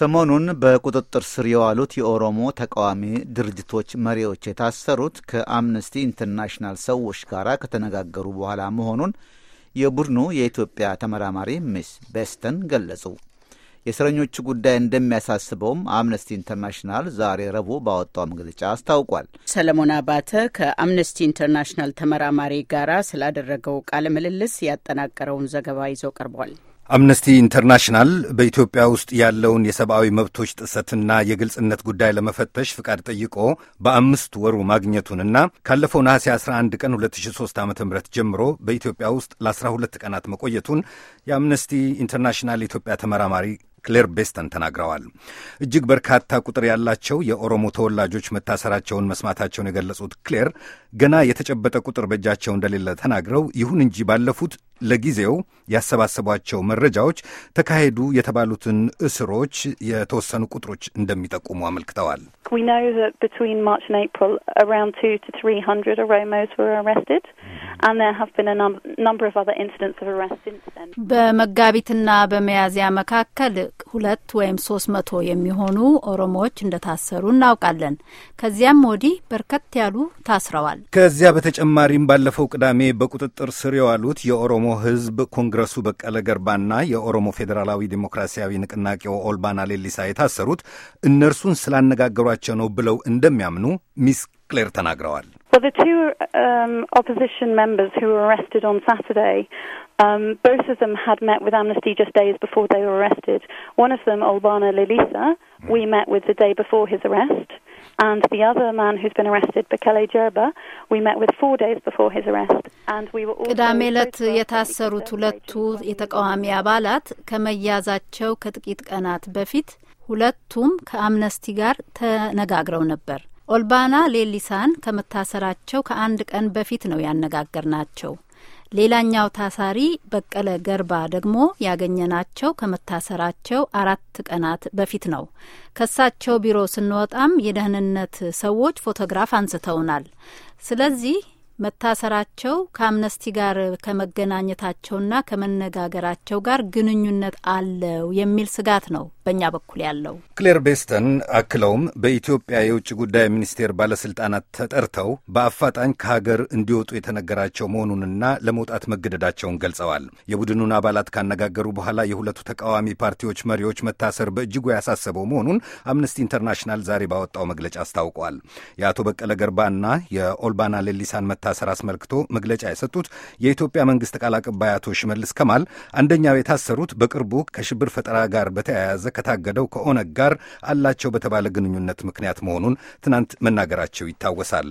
ሰሞኑን በቁጥጥር ስር የዋሉት የኦሮሞ ተቃዋሚ ድርጅቶች መሪዎች የታሰሩት ከአምነስቲ ኢንተርናሽናል ሰዎች ጋር ከተነጋገሩ በኋላ መሆኑን የቡድኑ የኢትዮጵያ ተመራማሪ ሚስ ቤስተን ገለጹ። የእስረኞቹ ጉዳይ እንደሚያሳስበውም አምነስቲ ኢንተርናሽናል ዛሬ ረቡዕ ባወጣው መግለጫ አስታውቋል። ሰለሞን አባተ ከአምነስቲ ኢንተርናሽናል ተመራማሪ ጋር ስላደረገው ቃለ ምልልስ ያጠናቀረውን ዘገባ ይዞ ቀርቧል። አምነስቲ ኢንተርናሽናል በኢትዮጵያ ውስጥ ያለውን የሰብአዊ መብቶች ጥሰትና የግልጽነት ጉዳይ ለመፈተሽ ፍቃድ ጠይቆ በአምስት ወሩ ማግኘቱንና ካለፈው ነሐሴ 11 ቀን 2003 ዓ ም ጀምሮ በኢትዮጵያ ውስጥ ለ12 ቀናት መቆየቱን የአምነስቲ ኢንተርናሽናል ኢትዮጵያ ተመራማሪ ክሌር ቤስተን ተናግረዋል። እጅግ በርካታ ቁጥር ያላቸው የኦሮሞ ተወላጆች መታሰራቸውን መስማታቸውን የገለጹት ክሌር ገና የተጨበጠ ቁጥር በእጃቸው እንደሌለ ተናግረው ይሁን እንጂ ባለፉት ለጊዜው ያሰባሰቧቸው መረጃዎች ተካሄዱ የተባሉትን እስሮች የተወሰኑ ቁጥሮች እንደሚጠቁሙ አመልክተዋል። በመጋቢትና በመያዝያ መካከል ሁለት ወይም ሶስት መቶ የሚሆኑ ኦሮሞዎች እንደታሰሩ እናውቃለን። ከዚያም ወዲህ በርከት ያሉ ታስረዋል። ከዚያ በተጨማሪም ባለፈው ቅዳሜ በቁጥጥር ስር የዋሉት የኦሮሞ ሕዝብ ኮንግረሱ በቀለ ገርባና የኦሮሞ ፌዴራላዊ ዲሞክራሲያዊ ንቅናቄው ኦልባና ሌሊሳ የታሰሩት እነርሱን ስላነጋገሯቸው ነው ብለው እንደሚያምኑ ሚስ ክሌር ተናግረዋል። Well, the two um, opposition members who were arrested on Saturday, um, both of them had met with Amnesty just days before they were arrested. One of them, Olbana Lelisa, we mm. met with the day before his arrest. And the other man who's been arrested, Bekele Jerba, we met with four days before his arrest. And we were all. ቅዳሜ ዕለት የታሰሩት ሁለቱ የተቃዋሚ አባላት ከመያዛቸው ከጥቂት ቀናት በፊት ሁለቱም ከአምነስቲ ጋር ተነጋግረው ነበር። ኦልባና ሌሊሳን ከመታሰራቸው ከአንድ ቀን በፊት ነው ያነጋገር ናቸው። ሌላኛው ታሳሪ በቀለ ገርባ ደግሞ ያገኘናቸው ከመታሰራቸው አራት ቀናት በፊት ነው። ከሳቸው ቢሮ ስንወጣም የደህንነት ሰዎች ፎቶግራፍ አንስተውናል። ስለዚህ መታሰራቸው ከአምነስቲ ጋር ከመገናኘታቸውና ከመነጋገራቸው ጋር ግንኙነት አለው የሚል ስጋት ነው በእኛ በኩል ያለው። ክሌር ቤስተን አክለውም በኢትዮጵያ የውጭ ጉዳይ ሚኒስቴር ባለስልጣናት ተጠርተው በአፋጣኝ ከሀገር እንዲወጡ የተነገራቸው መሆኑንና ለመውጣት መገደዳቸውን ገልጸዋል። የቡድኑን አባላት ካነጋገሩ በኋላ የሁለቱ ተቃዋሚ ፓርቲዎች መሪዎች መታሰር በእጅጉ ያሳሰበው መሆኑን አምነስቲ ኢንተርናሽናል ዛሬ ባወጣው መግለጫ አስታውቋል። የአቶ በቀለ ገርባና የኦልባና ሌሊሳን መታሰር አስመልክቶ መግለጫ የሰጡት የኢትዮጵያ መንግስት ቃል አቀባይ አቶ ሽመልስ ከማል አንደኛው የታሰሩት በቅርቡ ከሽብር ፈጠራ ጋር በተያያዘ ከታገደው ከኦነግ ጋር አላቸው በተባለ ግንኙነት ምክንያት መሆኑን ትናንት መናገራቸው ይታወሳል።